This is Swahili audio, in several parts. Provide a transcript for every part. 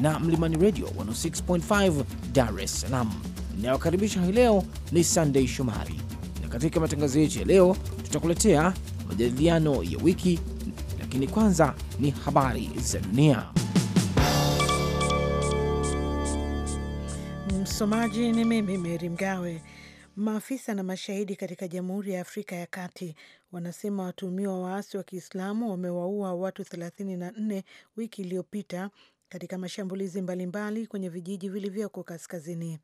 na Mlimani Radio 106.5 Dar es Salaam. Inayokaribisha hii leo ni Sunday Shomari, na katika matangazo yetu ya leo tutakuletea majadiliano ya wiki, lakini kwanza ni habari za dunia. Msomaji ni mimi Meri Mgawe. Maafisa na mashahidi katika Jamhuri ya Afrika ya Kati wanasema watuhumiwa waasi wa Kiislamu wamewaua watu 34 wiki iliyopita katika mashambulizi mbalimbali kwenye vijiji vilivyoko kaskazini.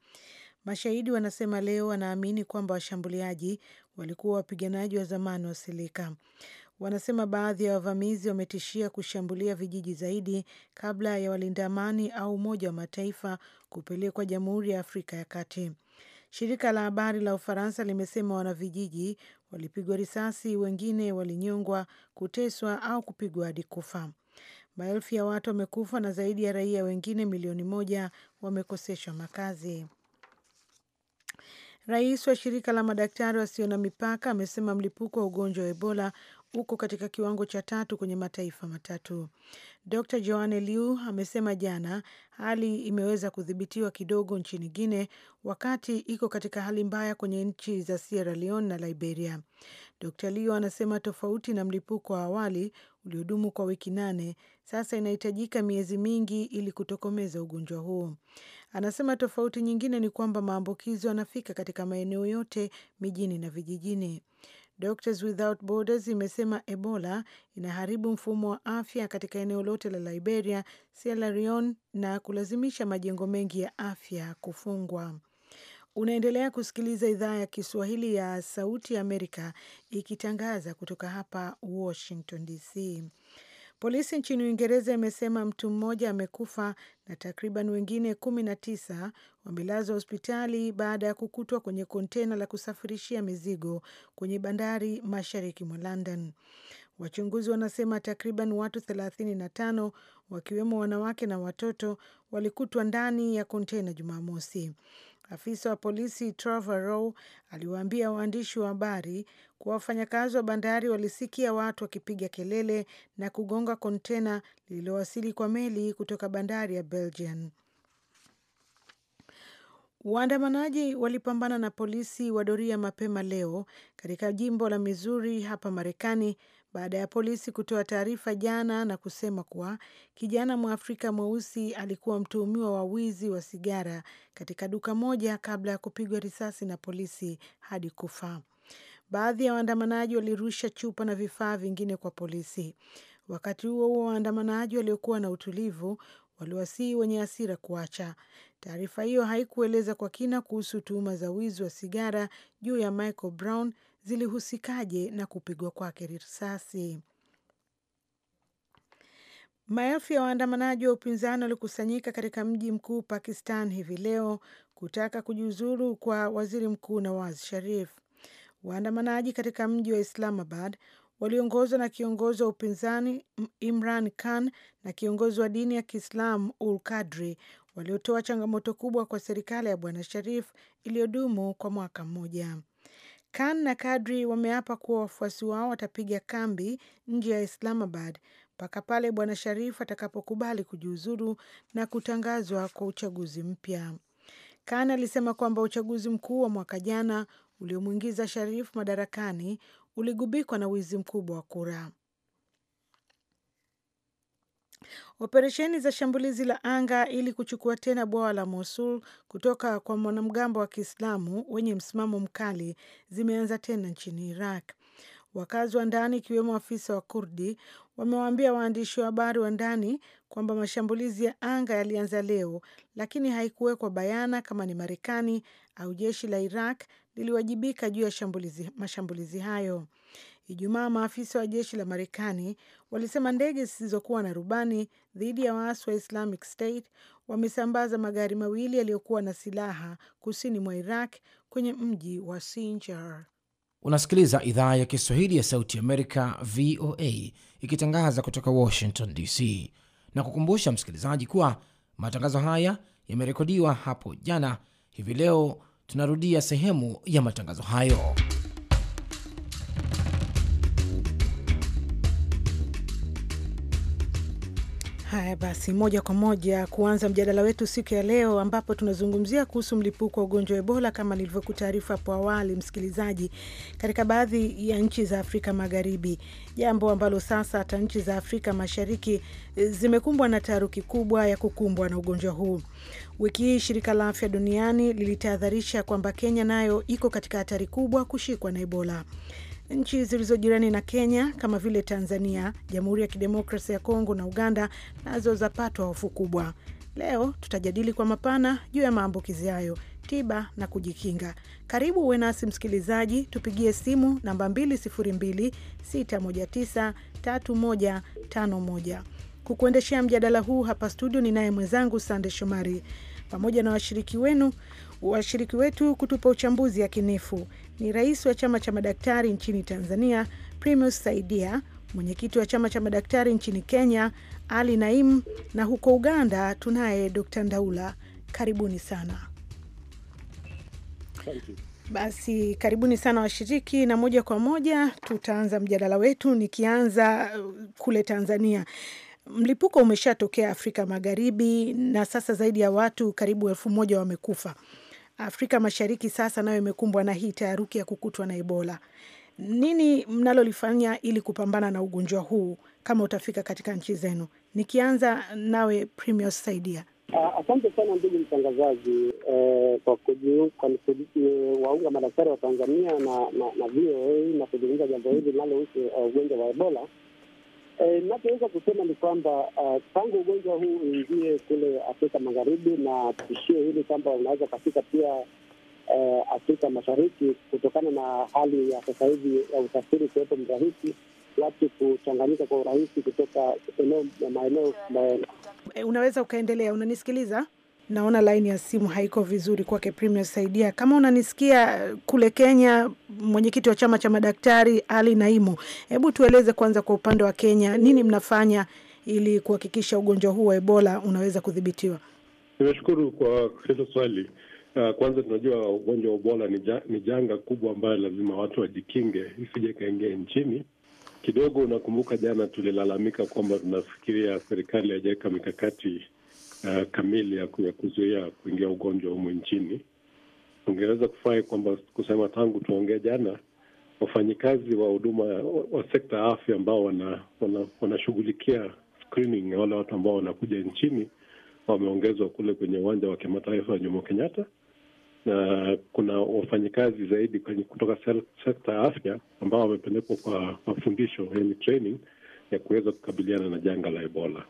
Mashahidi wanasema leo wanaamini kwamba washambuliaji walikuwa wapiganaji wa zamani wa silika Wanasema baadhi ya wavamizi wametishia kushambulia vijiji zaidi kabla ya walinda amani au Umoja wa Mataifa kupelekwa Jamhuri ya Afrika ya Kati. Shirika la habari la Ufaransa limesema wanavijiji walipigwa risasi, wengine walinyongwa, kuteswa au kupigwa hadi kufa. Maelfu ya watu wamekufa na zaidi ya raia wengine milioni moja wamekoseshwa makazi. Rais wa shirika la madaktari wasio na mipaka amesema mlipuko wa ugonjwa wa Ebola uko katika kiwango cha tatu kwenye mataifa matatu. Dr Joanne Liu amesema jana hali imeweza kudhibitiwa kidogo nchini Guine, wakati iko katika hali mbaya kwenye nchi za Sierra Leone na Liberia. Dr Liu anasema tofauti na mlipuko wa awali, uliodumu kwa wiki nane, sasa inahitajika miezi mingi ili kutokomeza ugonjwa huo. Anasema tofauti nyingine ni kwamba maambukizo yanafika katika maeneo yote mijini na vijijini. Doctors Without Borders imesema Ebola inaharibu mfumo wa afya katika eneo lote la Liberia, Sierra Leone na kulazimisha majengo mengi ya afya kufungwa. Unaendelea kusikiliza idhaa ya Kiswahili ya Sauti ya Amerika ikitangaza kutoka hapa Washington DC. Polisi nchini Uingereza imesema mtu mmoja amekufa na takriban wengine kumi na tisa wamelazwa hospitali baada ya kukutwa kwenye kontena la kusafirishia mizigo kwenye bandari mashariki mwa London. Wachunguzi wanasema takriban watu 35 wakiwemo wanawake na watoto walikutwa ndani ya kontena Jumamosi. Afisa wa polisi Trevor Rowe aliwaambia waandishi wa habari kuwa wafanyakazi wa bandari walisikia watu wakipiga kelele na kugonga kontena lililowasili kwa meli kutoka bandari ya belgian Waandamanaji walipambana na polisi wa doria mapema leo katika jimbo la Missouri hapa Marekani baada ya polisi kutoa taarifa jana na kusema kuwa kijana Mwafrika mweusi alikuwa mtuhumiwa wa wizi wa sigara katika duka moja kabla ya kupigwa risasi na polisi hadi kufa. Baadhi ya waandamanaji walirusha chupa na vifaa vingine kwa polisi. Wakati huo huo, waandamanaji waliokuwa na utulivu waliwasihi wenye hasira kuacha. Taarifa hiyo haikueleza kwa kina kuhusu tuhuma za wizi wa sigara juu ya Michael Brown zilihusikaje na kupigwa kwake risasi. Maelfu ya waandamanaji wa upinzani walikusanyika katika mji mkuu Pakistan hivi leo kutaka kujiuzuru kwa waziri mkuu Nawaz Sharif. Waandamanaji katika mji wa Islamabad waliongozwa na kiongozi wa upinzani Imran Khan na kiongozi wa dini ya kiislam Ul Kadri waliotoa changamoto kubwa kwa serikali ya bwana Sharif iliyodumu kwa mwaka mmoja. Khan na Kadri wameapa kuwa wafuasi wao watapiga kambi nje ya Islamabad mpaka pale Bwana Sharif atakapokubali kujiuzuru na kutangazwa kwa uchaguzi mpya. Khan alisema kwamba uchaguzi mkuu wa mwaka jana uliomwingiza Sharif madarakani uligubikwa na wizi mkubwa wa kura. Operesheni za shambulizi la anga ili kuchukua tena bwawa la Mosul kutoka kwa mwanamgambo wa Kiislamu wenye msimamo mkali zimeanza tena nchini Iraq. Wakazi wa ndani ikiwemo afisa wa Kurdi wamewaambia waandishi wa habari wa ndani kwamba mashambulizi ya anga yalianza leo, lakini haikuwekwa bayana kama ni Marekani au jeshi la Iraq liliwajibika juu ya mashambulizi hayo. Ijumaa, maafisa wa jeshi la Marekani walisema ndege zisizokuwa na rubani dhidi ya waasi wa Islamic State wamesambaza magari mawili yaliyokuwa na silaha kusini mwa Iraq kwenye mji wa Sinjar. Unasikiliza idhaa ya Kiswahili ya Sauti Amerika, VOA, ikitangaza kutoka Washington DC, na kukumbusha msikilizaji kuwa matangazo haya yamerekodiwa hapo jana. Hivi leo tunarudia sehemu ya matangazo hayo. Haya basi, moja kwa moja kuanza mjadala wetu siku ya leo, ambapo tunazungumzia kuhusu mlipuko wa ugonjwa wa Ebola kama nilivyokutaarifu hapo awali, msikilizaji, katika baadhi ya nchi za Afrika Magharibi, jambo ambalo sasa hata nchi za Afrika Mashariki eh, zimekumbwa na taharuki kubwa ya kukumbwa na ugonjwa huu. Wiki hii shirika la afya duniani lilitahadharisha kwamba Kenya nayo iko katika hatari kubwa kushikwa na Ebola. Nchi zilizo jirani na Kenya kama vile Tanzania, Jamhuri ya Kidemokrasia ya Kongo na Uganda nazo zapatwa hofu kubwa. Leo tutajadili kwa mapana juu ya maambukizi hayo, tiba na kujikinga. Karibu uwe nasi msikilizaji, tupigie simu namba 2026193151 kukuendeshea mjadala huu hapa studio. Ni naye mwenzangu Sande Shomari pamoja na washiriki wenu washiriki wetu kutupa uchambuzi yakinifu ni rais wa chama cha madaktari nchini Tanzania Primus Saidia, mwenyekiti wa chama cha madaktari nchini Kenya Ali Naim, na huko Uganda tunaye Dr. Ndaula. Karibuni sana. Basi karibuni sana washiriki, na moja kwa moja tutaanza mjadala wetu, nikianza uh, kule Tanzania. Mlipuko umeshatokea Afrika Magharibi na sasa zaidi ya watu karibu elfu moja wamekufa. Afrika Mashariki sasa nayo imekumbwa na hii taharuki ya kukutwa na Ebola. Nini mnalolifanya ili kupambana na ugonjwa huu kama utafika katika nchi zenu? Nikianza nawe Primios Saidia. Ah, asante sana ndugu mtangazaji eh, kwa kuwaunga madaktari wa Tanzania na VOA na kuzungumza jambo hili linalohusu eh, ugonjwa wa Ebola. Eh, inachoweza e, kusema ni kwamba eh, tangu uh, ugonjwa huu uingie kule Afrika Magharibi na tishio hili kwamba unaweza kafika pia uh, Afrika Mashariki, kutokana na hali ya sasa hivi ya usafiri kuwepo mrahisi, watu kuchanganyika kwa urahisi kutoka eneo ya maeneo. Unaweza ukaendelea, unanisikiliza? Naona laini ya simu haiko vizuri kwake. Primus Saidia, kama unanisikia eh, kule Kenya, mwenyekiti wa chama cha madaktari Ali Naimu, hebu tueleze kwanza, kwa upande wa Kenya, nini mnafanya ili kuhakikisha ugonjwa huu wa Ebola unaweza kudhibitiwa? Nimeshukuru kwa hilo swali. Ah, kwanza tunajua ugonjwa wa Ebola ni janga kubwa ambayo lazima watu wajikinge isije kaingia nchini kidogo. Unakumbuka jana tulilalamika kwamba tunafikiria serikali haijaweka mikakati uh, kamili ya kuzuia kuingia ugonjwa humu nchini. Ungeweza kufurahi kwamba kusema tangu tuongee jana, wafanyikazi wa huduma wa sekta ya afya ambao wanashughulikia wana, wana screening wale watu ambao wanakuja nchini wameongezwa kule kwenye uwanja wa kimataifa wa Jomo Kenyatta na kuna wafanyikazi zaidi kwenye kutoka sekta ya afya ambao wamepelekwa kwa mafundisho, yani training ya kuweza kukabiliana na janga la Ebola.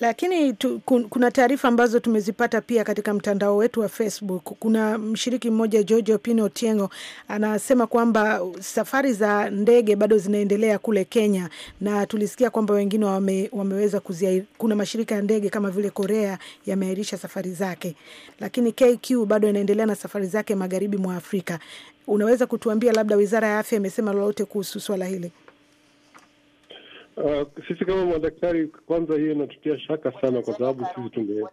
Lakini tu, kuna taarifa ambazo tumezipata pia katika mtandao wetu wa Facebook. Kuna mshiriki mmoja George Opino Otiengo anasema kwamba safari za ndege bado zinaendelea kule Kenya, na tulisikia kwamba wengine wame, wameweza kuzia, kuna mashirika ya ndege kama vile Korea yameahirisha safari zake, lakini KQ bado inaendelea na safari zake magharibi mwa Afrika. Unaweza kutuambia labda wizara ya afya imesema lolote kuhusu swala hili? Uh, sisi kama madaktari kwanza, hiyo inatutia shaka sana, kwa sababu sisi tunge,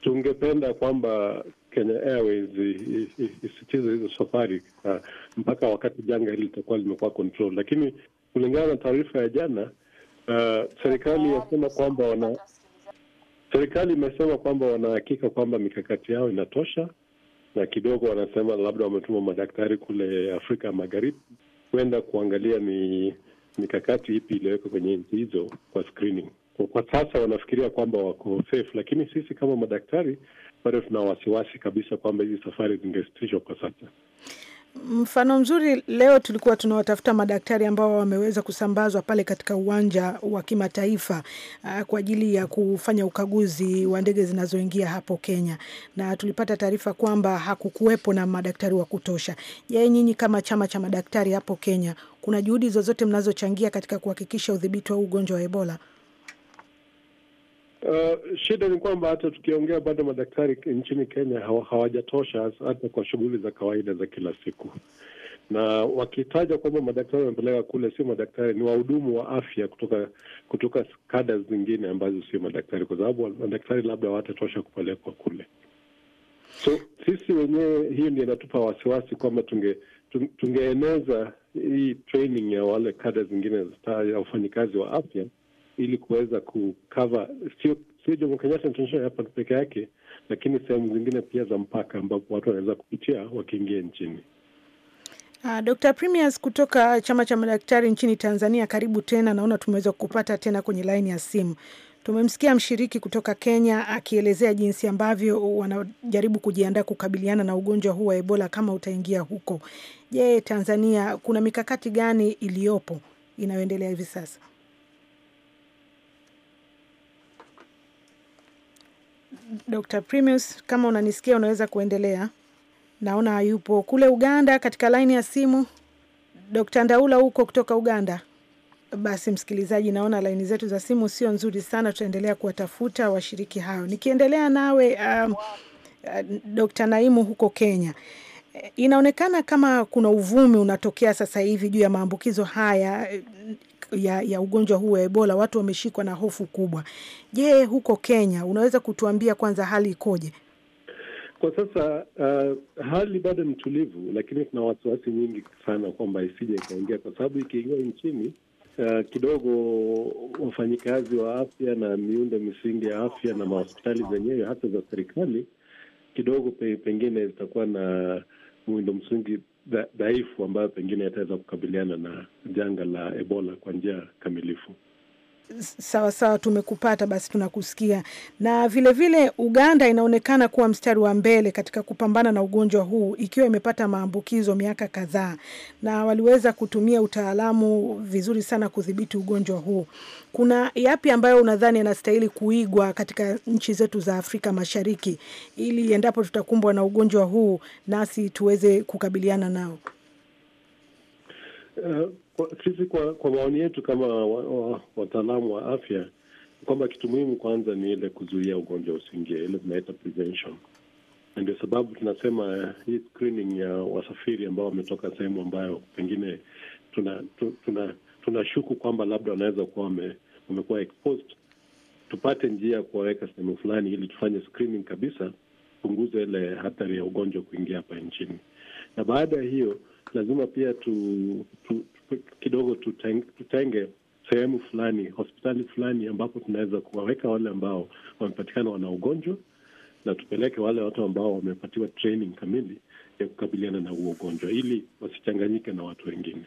tungependa kwamba Kenya Airways isitize hizo safari uh, mpaka wakati janga hili litakuwa limekuwa control, lakini kulingana na taarifa ya jana uh, serikali yasema kwamba wana serikali imesema kwamba wanahakika kwamba mikakati yao inatosha, na kidogo wanasema labda wametuma madaktari kule Afrika Magharibi kwenda kuangalia ni mikakati ipi iliyowekwa kwenye nchi hizo kwa screening. Kwa, kwa sasa wanafikiria kwamba wako safe, lakini sisi kama madaktari bado tuna wasiwasi kabisa kwamba hizi safari zingesitishwa kwa sasa. Mfano mzuri leo tulikuwa tunawatafuta madaktari ambao wameweza kusambazwa pale katika uwanja wa kimataifa uh, kwa ajili ya kufanya ukaguzi wa ndege zinazoingia hapo Kenya, na tulipata taarifa kwamba hakukuwepo na madaktari wa kutosha. Je, nyinyi kama chama cha madaktari hapo Kenya kuna juhudi zozote mnazochangia katika kuhakikisha udhibiti wa ugonjwa wa Ebola? Uh, shida ni kwamba hata tukiongea bado madaktari nchini Kenya hawajatosha hata kwa shughuli za kawaida za kila siku, na wakitaja kwamba madaktari wamepeleka kule, sio madaktari, ni wahudumu wa afya kutoka kutoka kada zingine ambazo sio madaktari, kwa sababu madaktari labda hawatatosha kupelekwa kule. So sisi wenyewe, hii ndio inatupa wasiwasi kwamba tunge tungeeneza hii training ya wale kada zingine ya wafanyikazi wa afya ili kuweza kukava sio sio Jomo Kenyatta International Airport peke yake, lakini sehemu zingine pia za mpaka ambapo watu wanaweza kupitia wakiingia nchini. Uh, ah, Dr. Premius kutoka chama cha madaktari nchini Tanzania, karibu tena. Naona tumeweza kupata tena kwenye laini ya simu. Tumemsikia mshiriki kutoka Kenya akielezea jinsi ambavyo wanajaribu kujiandaa kukabiliana na ugonjwa huu wa Ebola kama utaingia huko. Je, Tanzania kuna mikakati gani iliyopo inayoendelea hivi sasa? Dr. Primus, kama unanisikia unaweza kuendelea. Naona hayupo kule Uganda katika laini ya simu. Dr. Ndaula huko kutoka Uganda. Basi msikilizaji, naona laini zetu za simu sio nzuri sana, tutaendelea kuwatafuta washiriki hao. Nikiendelea nawe um, uh, Dr. Naimu huko Kenya, eh, inaonekana kama kuna uvumi unatokea sasa hivi juu ya maambukizo haya eh, ya, ya ugonjwa huu wa Ebola. Watu wameshikwa na hofu kubwa. Je, huko Kenya unaweza kutuambia kwanza hali ikoje? Kwa sasa uh, hali bado ni tulivu, lakini kuna wasiwasi nyingi sana kwamba isije ikaingia, kwa sababu ikiingia nchini uh, kidogo wafanyikazi wa afya na miundo misingi ya afya na mahospitali zenyewe hata za serikali kidogo pe, pengine zitakuwa na miundo msingi dhaifu ambayo pengine yataweza kukabiliana na janga la Ebola kwa njia kamilifu. Sawa sawa, tumekupata basi, tunakusikia. Na vilevile vile, Uganda inaonekana kuwa mstari wa mbele katika kupambana na ugonjwa huu ikiwa imepata maambukizo miaka kadhaa, na waliweza kutumia utaalamu vizuri sana kudhibiti ugonjwa huu. Kuna yapi ambayo unadhani yanastahili kuigwa katika nchi zetu za Afrika Mashariki ili endapo tutakumbwa na ugonjwa huu nasi tuweze kukabiliana nao? Uh, sisi kwa, kwa maoni yetu kama wataalamu wa, wa, wa afya kwamba kitu muhimu kwanza ni ile kuzuia ugonjwa usiingie, ile tunaita prevention, na ndio sababu tunasema eh, hii screening ya wasafiri ambao wametoka sehemu ambayo pengine tuna tunashuku tuna, tuna kwamba labda wanaweza kuwa wamekuwa exposed, tupate njia ya kuwaweka sehemu fulani ili tufanye screening kabisa, punguze ile hatari ya ugonjwa kuingia hapa nchini. Na baada ya hiyo lazima pia tu, tu, tu kidogo tutenge, tutenge sehemu fulani, hospitali fulani, ambapo tunaweza kuwaweka wale ambao wamepatikana wana ugonjwa na tupeleke wale watu ambao wamepatiwa training kamili ya kukabiliana na huo ugonjwa ili wasichanganyike na watu wengine.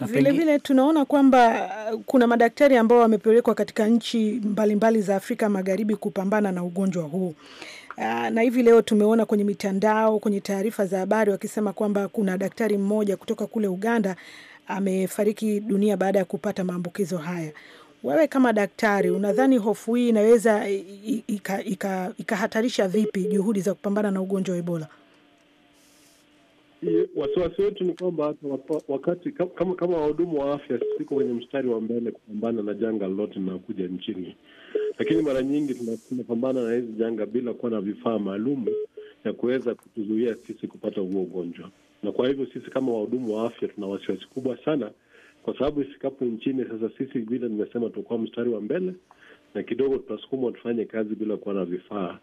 Vilevile vile tunaona kwamba uh, kuna madaktari ambao wamepelekwa katika nchi mbalimbali mbali za Afrika Magharibi kupambana na ugonjwa huu. Ah, na hivi leo tumeona kwenye mitandao, kwenye taarifa za habari wakisema kwamba kuna daktari mmoja kutoka kule Uganda amefariki dunia baada ya kupata maambukizo haya. Wewe kama daktari, unadhani hofu hii inaweza ikahatarisha vipi juhudi za kupambana na ugonjwa wa Ebola? Wasiwasi wetu ni kwamba wakati kama wahudumu wa afya siko kwenye mstari wa mbele kupambana na janga lolote linalokuja nchini lakini mara nyingi tunapambana na hizi janga bila kuwa na vifaa maalum ya kuweza kutuzuia sisi kupata huo ugonjwa. Na kwa hivyo sisi kama wahudumu wa afya tuna wasiwasi kubwa sana, kwa sababu ifikapo nchini sasa, sisi vile nimesema, tutakuwa mstari wa mbele na kidogo tutasukumwa tufanye kazi bila kuwa na vifaa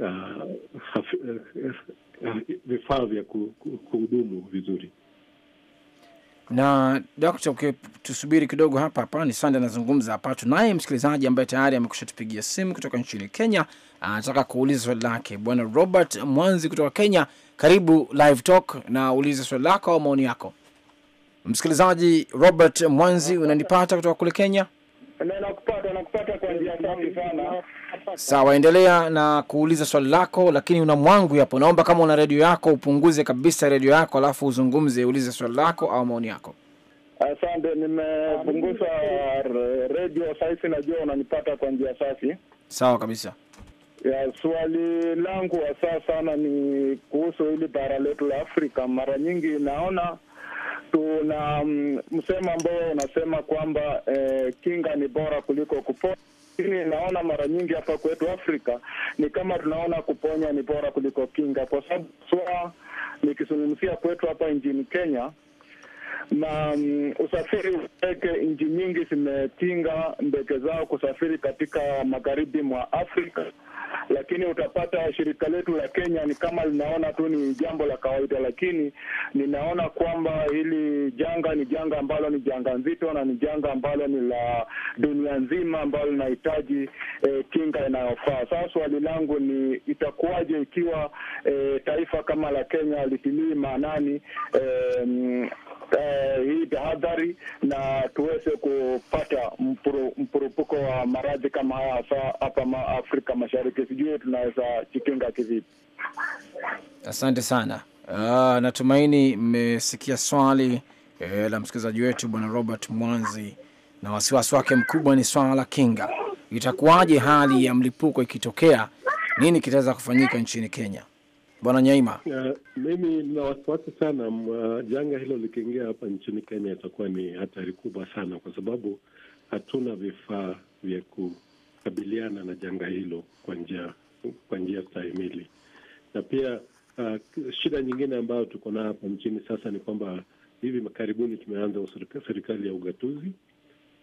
uh, vifaa vya kuhudumu vizuri na Dokta, tusubiri kidogo hapa hapa, ni Sande anazungumza hapa. Tunaye msikilizaji ambaye tayari amekusha tupigia simu kutoka nchini Kenya, anataka kuuliza swali lake. Bwana Robert Mwanzi kutoka Kenya, karibu Live Talk na ulize swali lako au maoni yako. Msikilizaji Robert Mwanzi, unanipata kutoka kule Kenya? Nakupata, nakupata kwa njia safi sana. Sawa, endelea na kuuliza swali lako, lakini una mwangu hapo. Naomba kama una redio yako upunguze kabisa redio yako, alafu uzungumze, ulize swali lako au maoni yako. Asante, nimepunguza redio saisi, najua unanipata kwa njia safi. Sawa kabisa. Ya, swali langu hasa sana ni kuhusu hili bara letu la Afrika. Mara nyingi naona tuna mm, msemo ambao unasema kwamba eh, kinga ni bora kuliko kupona lakini naona mara nyingi hapa kwetu Afrika ni kama tunaona kuponya ni bora kuliko kinga, kwa sababu swa nikizungumzia kwetu hapa nchini Kenya na um, usafiri wa ndege, nchi nyingi zimetinga ndege zao kusafiri katika magharibi mwa Afrika, lakini utapata shirika letu la Kenya ni kama linaona tu ni jambo la kawaida, lakini ninaona kwamba hili janga ni janga ambalo ni janga nzito na ni janga ambalo ni la dunia nzima ambalo linahitaji eh, kinga inayofaa. Sasa swali langu ni itakuwaje ikiwa eh, taifa kama la Kenya litilii maanani eh, mm, eh, hii tahadhari na tuweze kupata mpurupuko wa maradhi kama haya hasa hapa Afrika Mashariki. Sijui tunaweza jikinga kivipi? Asante sana. Uh, natumaini mmesikia swali eh, la msikilizaji wetu Bwana Robert Mwanzi, na wasiwasi wake mkubwa ni swala la kinga. Itakuwaje hali ya mlipuko ikitokea? Nini kitaweza kufanyika nchini Kenya? Bwana Nyaima. Uh, mimi nina wasiwasi sana uh, janga hilo likiingia hapa nchini Kenya itakuwa ni hatari kubwa sana, kwa sababu hatuna vifaa vya kukabiliana na janga hilo kwa njia kwa njia stahimili, na pia uh, shida nyingine ambayo tuko nayo hapa nchini sasa ni kwamba hivi karibuni tumeanza serikali ya ugatuzi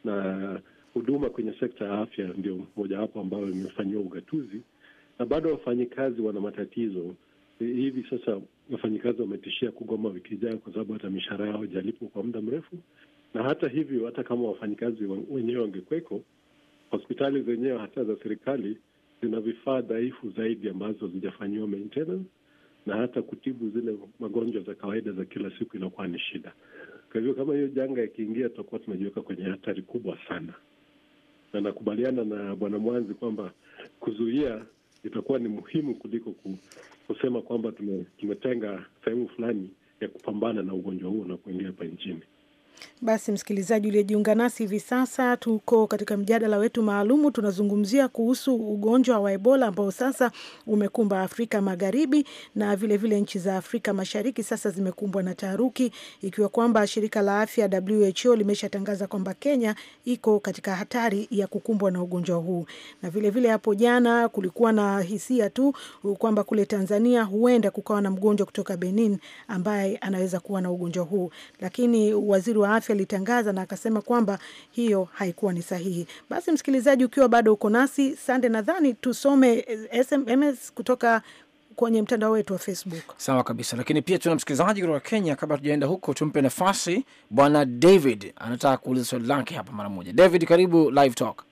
na huduma kwenye sekta ya afya ndio mojawapo ambayo imefanyiwa ugatuzi, na bado wafanyikazi wana matatizo Eh, hivi sasa wafanyikazi wametishia kugoma wiki ijayo, kwa sababu hata mishahara yao haijalipwa kwa muda mrefu. Na hata hivyo, hata kama wafanyikazi wenyewe wangekweko, hospitali zenyewe hata za serikali zina vifaa dhaifu zaidi ambazo zijafanyiwa maintenance, na hata kutibu zile magonjwa za kawaida za kila siku inakuwa ni shida. Kwa hivyo kama hiyo janga ikiingia, tutakuwa tunajiweka kwenye hatari kubwa sana, na nakubaliana na Bwana Mwanzi kwamba kuzuia itakuwa ni muhimu kuliko kusema kwamba tumetenga sehemu fulani ya kupambana na ugonjwa huo na kuingia hapa nchini. Basi msikilizaji uliyejiunga nasi hivi sasa, tuko katika mjadala wetu maalumu, tunazungumzia kuhusu ugonjwa wa Ebola ambao sasa umekumba Afrika Magharibi na vilevile vile nchi za Afrika Mashariki sasa zimekumbwa na taharuki, ikiwa kwamba shirika la afya WHO limeshatangaza kwamba Kenya iko katika hatari ya kukumbwa na ugonjwa huu, na vilevile vile jana kulikuwa na hisia tu kwamba kule Tanzania huenda kukawa na mgonjwa kutoka Benin ambaye anaweza kuwa na ugonjwa huu, lakini waziri wa afya alitangaza na akasema kwamba hiyo haikuwa ni sahihi. Basi msikilizaji, ukiwa bado uko nasi Sande, nadhani tusome SMS kutoka kwenye mtandao wetu wa Facebook. Sawa kabisa, lakini pia tuna msikilizaji kutoka Kenya. Kabla tujaenda huko, tumpe nafasi bwana David, anataka kuuliza swali lake hapa mara moja. David, karibu Live Talk.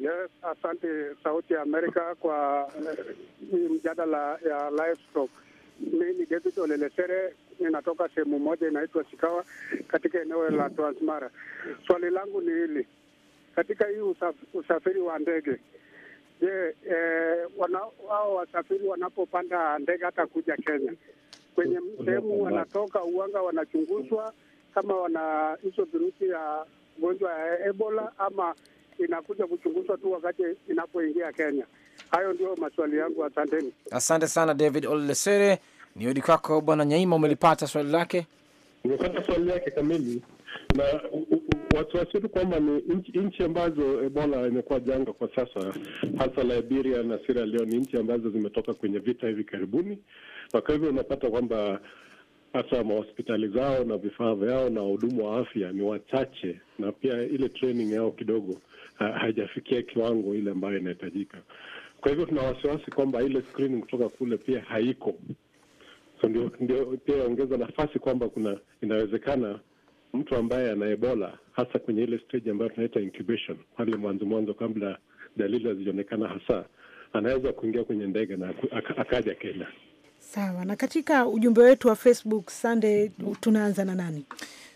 Yes, asante Sauti ya Amerika kwa eh, mjadala ya Live Talk. Mimi David Olelesere, ninatoka sehemu moja inaitwa Sikawa katika eneo la Transmara. Swali langu ni hili, katika hii usaf, usafiri wa ndege, je, eh, wao wasafiri wanapopanda ndege hata kuja Kenya, kwenye sehemu wanatoka uwanga wanachunguzwa kama wana hizo virusi ya ugonjwa ya Ebola ama inakuja kuchunguzwa tu wakati inapoingia Kenya? Hayo ndio maswali yangu, asanteni. Asante sana David Olesere, niodi kwako bwana Nyaima, umelipata swali lake? Nimepata swali lake kamili na wasiwasi tu kwamba ni nchi ambazo Ebola imekuwa janga kwa sasa, hasa Liberia na Sierra Leone, ni nchi ambazo zimetoka kwenye vita hivi karibuni, na kwa hivyo unapata kwamba hasa mahospitali zao na vifaa vyao na wahudumu wa afya ni wachache, na pia ile training yao kidogo haijafikia kiwango ile ambayo inahitajika. Kwa hivyo tuna wasiwasi kwamba ile screening kutoka kule pia haiko, so ndio, ndio pia ongeza nafasi kwamba kuna inawezekana mtu ambaye ana Ebola hasa kwenye ile stage ambayo tunaita incubation, pale mwanzo mwanzo, kabla dalili hazijaonekana hasa, anaweza kuingia kwenye ndege na akaja Kenya. Sawa. Na katika ujumbe wetu wa Facebook sande tunaanza na nani?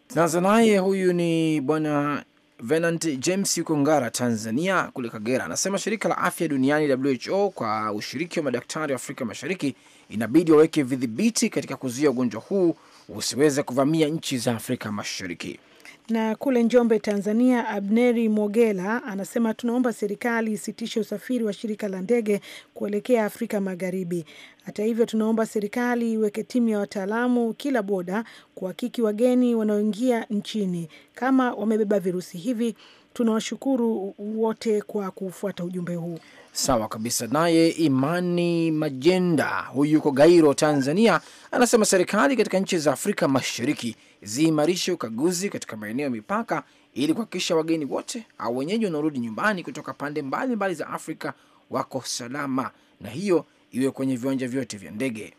Tunaanza naye, huyu ni bwana Venant James yuko Ngara, Tanzania, kule Kagera, anasema shirika la afya duniani WHO kwa ushiriki wa madaktari wa Afrika Mashariki inabidi waweke vidhibiti katika kuzuia ugonjwa huu usiweze kuvamia nchi za Afrika Mashariki. Na kule Njombe, Tanzania, Abneri Mogela anasema tunaomba serikali isitishe usafiri wa shirika la ndege kuelekea Afrika Magharibi. Hata hivyo, tunaomba serikali iweke timu ya wataalamu kila boda kuhakiki wageni wanaoingia nchini kama wamebeba virusi hivi. Tunawashukuru wote kwa kufuata ujumbe huu. Sawa kabisa. Naye Imani Majenda, huyu yuko Gairo, Tanzania, anasema serikali katika nchi za Afrika Mashariki ziimarishe ukaguzi katika maeneo ya mipaka ili kuhakikisha wageni wote au wenyeji wanaorudi nyumbani kutoka pande mbalimbali mbali za Afrika wako salama, na hiyo iwe kwenye viwanja vyote vya ndege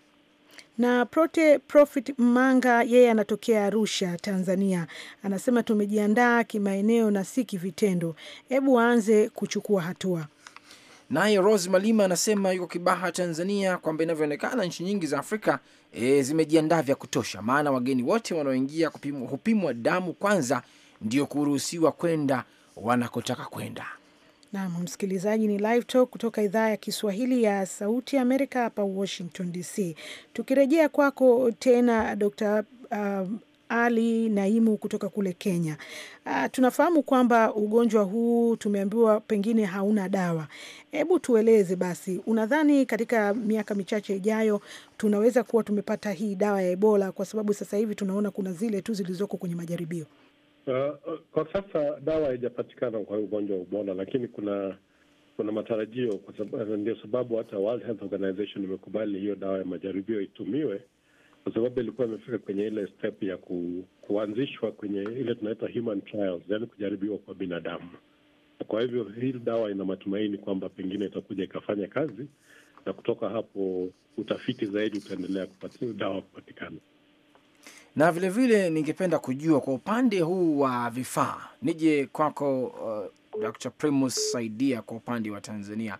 na Prote Profit Manga yeye anatokea Arusha, Tanzania, anasema tumejiandaa kimaeneo na si kivitendo. Hebu waanze kuchukua hatua. Naye Rose Malima anasema yuko Kibaha, Tanzania, kwamba inavyoonekana nchi nyingi za Afrika e, zimejiandaa vya kutosha, maana wageni wote wanaoingia hupimwa damu kwanza ndio kuruhusiwa kwenda wanakotaka kwenda. Naam, msikilizaji, ni Live Talk kutoka idhaa ya Kiswahili ya Sauti ya Amerika hapa Washington DC. Tukirejea kwako tena Dr. Ali Naimu kutoka kule Kenya. Uh, tunafahamu kwamba ugonjwa huu tumeambiwa pengine hauna dawa. Hebu tueleze basi, unadhani katika miaka michache ijayo tunaweza kuwa tumepata hii dawa ya Ebola? Kwa sababu sasa hivi tunaona kuna zile tu zilizoko kwenye majaribio. Uh, kwa sasa dawa haijapatikana kwa ugonjwa wa Ebola, lakini kuna kuna matarajio, kwa sababu ndio sababu hata World Health Organization imekubali hiyo dawa ya majaribio itumiwe kwa sababu ilikuwa imefika kwenye ile step ya ku, kuanzishwa kwenye ile tunaita human trials, yani kujaribiwa kwa binadamu. Kwa hivyo hii dawa ina matumaini kwamba pengine itakuja ikafanya kazi, na kutoka hapo utafiti zaidi utaendelea kupatia dawa kupatikana. Na vilevile ningependa kujua kwa upande huu wa vifaa, nije kwako uh, Dr. Primus Saidia, kwa upande wa Tanzania.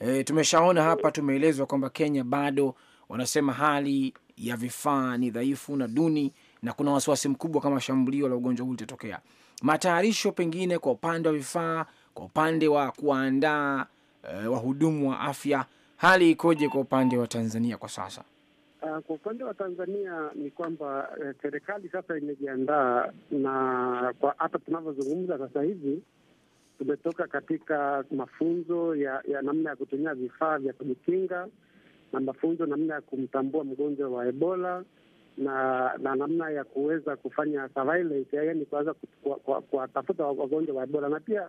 E, tumeshaona hapa, tumeelezwa kwamba Kenya bado wanasema hali ya vifaa ni dhaifu na duni, na kuna wasiwasi mkubwa kama shambulio la ugonjwa huu litatokea. Matayarisho pengine kwa upande wa vifaa, kwa upande wa kuwaandaa e, eh, wahudumu wa afya, hali ikoje kwa upande wa Tanzania kwa sasa? Uh, kwa upande wa Tanzania ni kwamba eh, serikali uh, sasa imejiandaa na kwa hata tunavyozungumza sasa hivi tumetoka katika mafunzo ya, ya namna ya kutumia vifaa vya kujikinga na mafunzo namna ya kumtambua mgonjwa wa Ebola na na namna ya kuweza kufanya surveillance, yaani kuweza kuwatafuta wagonjwa wa Ebola na pia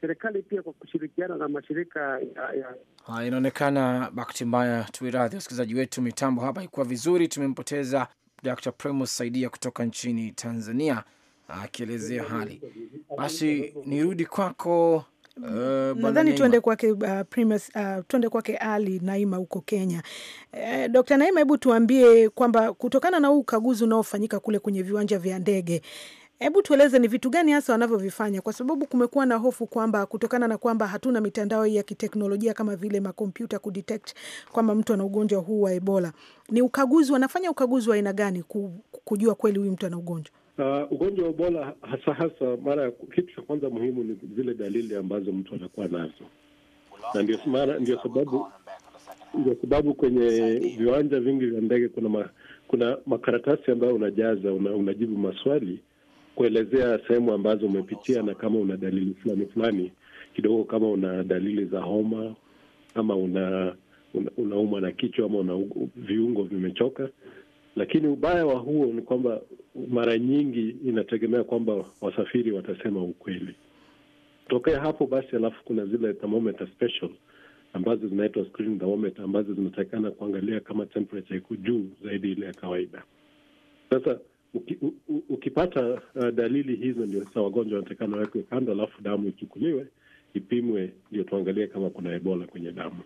serikali pia kwa kushirikiana na mashirika ya ha, inaonekana bakti mbaya, tuiradhi wasikilizaji wetu, mitambo hapa ikuwa vizuri. Tumempoteza Dr. Primus Saidia kutoka nchini Tanzania akielezea hali. Basi nirudi kwako Uh, nadhani tuende kwake uh, Primus, uh, tuende kwake Ali Naima huko Kenya. Uh, eh, Dr. Naima, hebu tuambie kwamba kutokana na huu ukaguzi unaofanyika kule kwenye viwanja vya ndege Hebu tueleze ni vitu gani hasa wanavyovifanya, kwa sababu kumekuwa na hofu kwamba kutokana na kwamba hatuna mitandao ya kiteknolojia kama vile makompyuta kudetect kwamba mtu ana ugonjwa huu wa Ebola. Ni ukaguzi, wanafanya ukaguzi wa aina gani kujua kweli huyu mtu ana ugonjwa? Uh, ugonjwa wa Ebola hasa hasa, mara ya kitu cha kwanza muhimu ni zile dalili ambazo mtu anakuwa nazo, na ndio ndio sababu ndio sababu kwenye viwanja vingi vya ndege kuna ma, kuna makaratasi ambayo unajaza una, unajibu maswali kuelezea sehemu ambazo umepitia na kama una dalili fulani fulani kidogo, kama una dalili za homa ama una unaumwa una na kichwa ama una viungo vimechoka, lakini ubaya wa huo ni kwamba mara nyingi inategemea kwamba wasafiri watasema ukweli. Tokea hapo basi, alafu kuna zile thermometer special ambazo zinaitwa screen thermometer ambazo zinatakikana kuangalia kama temperature iko juu zaidi ile ya kawaida. Sasa uki, u, u, ukipata uh, dalili hizo, ndio sasa wagonjwa wanatakikana wawekwe kando, alafu damu ichukuliwe ipimwe, ndio tuangalie kama kuna ebola kwenye damu.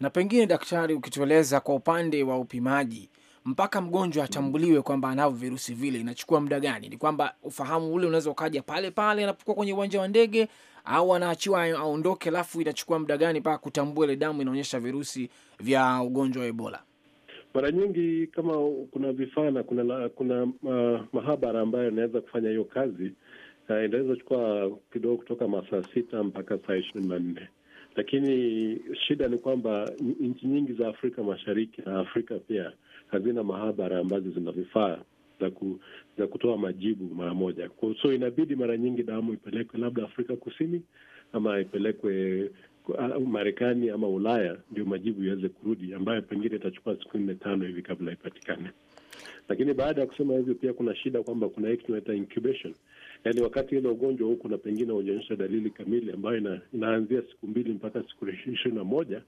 Na pengine daktari, ukitueleza kwa upande wa upimaji mpaka mgonjwa atambuliwe kwamba anavyo virusi vile inachukua muda gani? Ni kwamba ufahamu ule unaweza ukaja pale pale anapokuwa kwenye uwanja wa ndege, au anaachiwa aondoke, alafu inachukua muda gani mpaka kutambua ile damu inaonyesha virusi vya ugonjwa wa Ebola? Mara nyingi kama kuna vifaa na kuna kuna uh, mahabara ambayo inaweza kufanya hiyo kazi uh, inaweza chukua kidogo kutoka masaa sita mpaka saa ishirini na nne lakini shida ni kwamba nchi nyingi za Afrika Mashariki na Afrika pia hazina maabara ambazo zina vifaa za, ku, za kutoa majibu mara moja. So inabidi mara nyingi damu ipelekwe labda Afrika Kusini ama ipelekwe Marekani ama Ulaya ndio majibu iweze kurudi, ambayo pengine itachukua siku nne tano hivi kabla ipatikane. Lakini baada ya kusema hivyo, pia kuna shida kwamba kuna hii tunaita incubation, yaani wakati ile ugonjwa huko na pengine hujaonyesha dalili kamili, ambayo ina, inaanzia siku mbili mpaka siku ishirini na moja.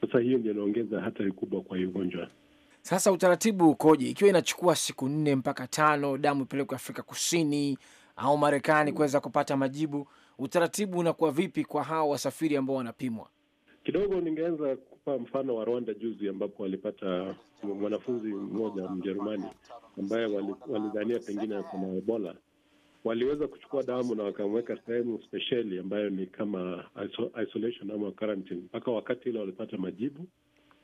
Sasa hiyo ndio inaongeza hatari kubwa kwa hii ugonjwa sasa utaratibu ukoje ikiwa inachukua siku nne mpaka tano damu ipelekwe Afrika Kusini au Marekani kuweza kupata majibu? Utaratibu unakuwa vipi kwa hawa wasafiri ambao wanapimwa? Kidogo ningeanza kupa mfano wa Rwanda juzi, ambapo walipata mwanafunzi mmoja Mjerumani ambaye walidhania pengine kuna Ebola. Waliweza kuchukua damu na wakamweka sehemu spesheli ambayo ni kama isolation ama quarantine mpaka wakati ile walipata majibu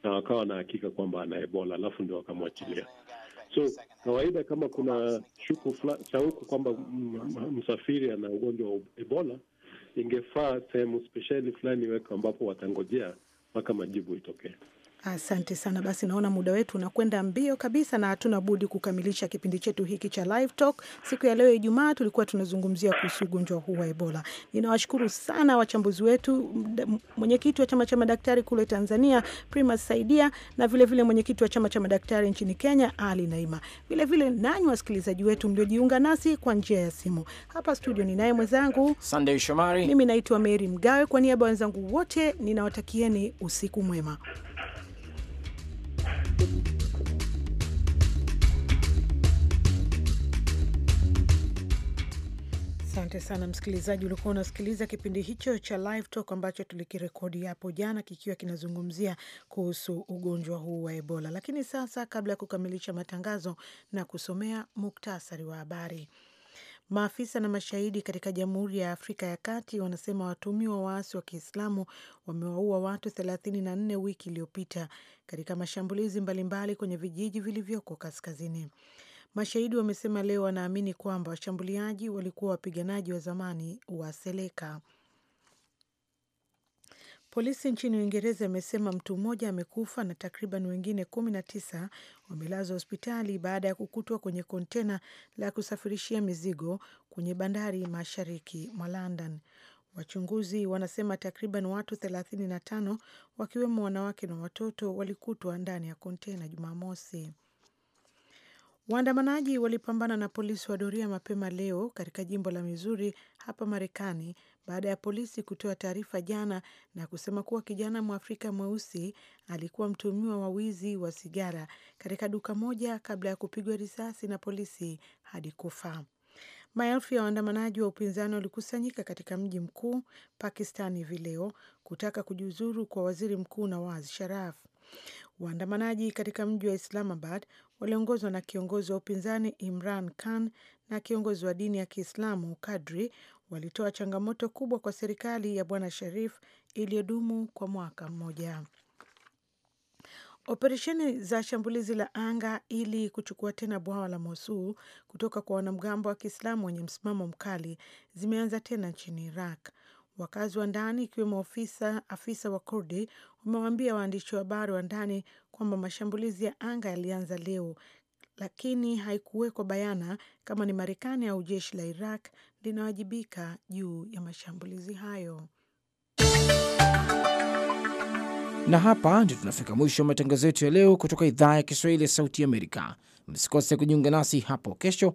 na wakawa na hakika kwamba ana Ebola, alafu ndio wakamwachilia. So kawaida kama kuna shuku shauku kwamba msafiri ana ugonjwa wa Ebola, ingefaa sehemu spesheli fulani iweko ambapo watangojea mpaka majibu itokee. Asante sana. Basi naona muda wetu unakwenda mbio kabisa, na hatuna budi kukamilisha kipindi chetu hiki cha Live Talk siku ya leo Ijumaa. Tulikuwa tunazungumzia kuhusu ugonjwa huu wa Ebola. Ninawashukuru sana wachambuzi wetu, mwenyekiti wa chama cha madaktari kule Tanzania Prima Saidia, na vilevile mwenyekiti wa chama cha madaktari nchini Kenya Ali Naima, vilevile nanyi wasikilizaji wetu mliojiunga nasi kwa njia ya simu. Hapa studio ninaye mwenzangu Sunday Shomari, mimi naitwa Mary Mgawe. Kwa niaba ya wenzangu wote ninawatakieni usiku mwema. Asante sana msikilizaji, ulikuwa unasikiliza kipindi hicho cha Live Talk ambacho tulikirekodi hapo jana kikiwa kinazungumzia kuhusu ugonjwa huu wa Ebola. Lakini sasa, kabla ya kukamilisha matangazo na kusomea muktasari wa habari, maafisa na mashahidi katika Jamhuri ya Afrika ya Kati wanasema watumiwa waasi wa Kiislamu wamewaua watu nne wiki iliyopita katika mashambulizi mbalimbali kwenye vijiji vilivyoko kaskazini. Mashahidi wamesema leo wanaamini kwamba washambuliaji walikuwa wapiganaji wa zamani wa Seleka. Polisi nchini Uingereza amesema mtu mmoja amekufa na takriban wengine kumi na tisa wamelazwa hospitali baada ya kukutwa kwenye kontena la kusafirishia mizigo kwenye bandari mashariki mwa London. Wachunguzi wanasema takriban watu thelathini na tano wakiwemo wanawake na watoto walikutwa ndani ya kontena Jumamosi. Waandamanaji walipambana na polisi wa doria mapema leo katika jimbo la Mizuri hapa Marekani baada ya polisi kutoa taarifa jana na kusema kuwa kijana Mwafrika mweusi alikuwa mtuhumiwa wa wizi wa sigara katika duka moja kabla ya kupigwa risasi na polisi hadi kufa. Maelfu ya waandamanaji wa upinzani walikusanyika katika mji mkuu Pakistani hivi leo kutaka kujiuzuru kwa waziri mkuu Nawaz Sharaf. Waandamanaji katika mji wa Islamabad waliongozwa na kiongozi wa upinzani Imran Khan na kiongozi wa dini ya Kiislamu Kadri walitoa changamoto kubwa kwa serikali ya Bwana Sharif iliyodumu kwa mwaka mmoja. Operesheni za shambulizi la anga ili kuchukua tena bwawa la Mosul kutoka kwa wanamgambo wa Kiislamu wenye msimamo mkali zimeanza tena nchini Iraq. Wakazi wa ndani ikiwemo afisa wa Kurdi wamewaambia waandishi wa habari wa ndani kwamba mashambulizi ya anga yalianza leo, lakini haikuwekwa bayana kama ni Marekani au jeshi la Iraq linawajibika juu ya mashambulizi hayo. Na hapa ndio tunafika mwisho wa matangazo yetu ya leo kutoka idhaa ya Kiswahili ya Sauti Amerika. Msikose kujiunga nasi hapo kesho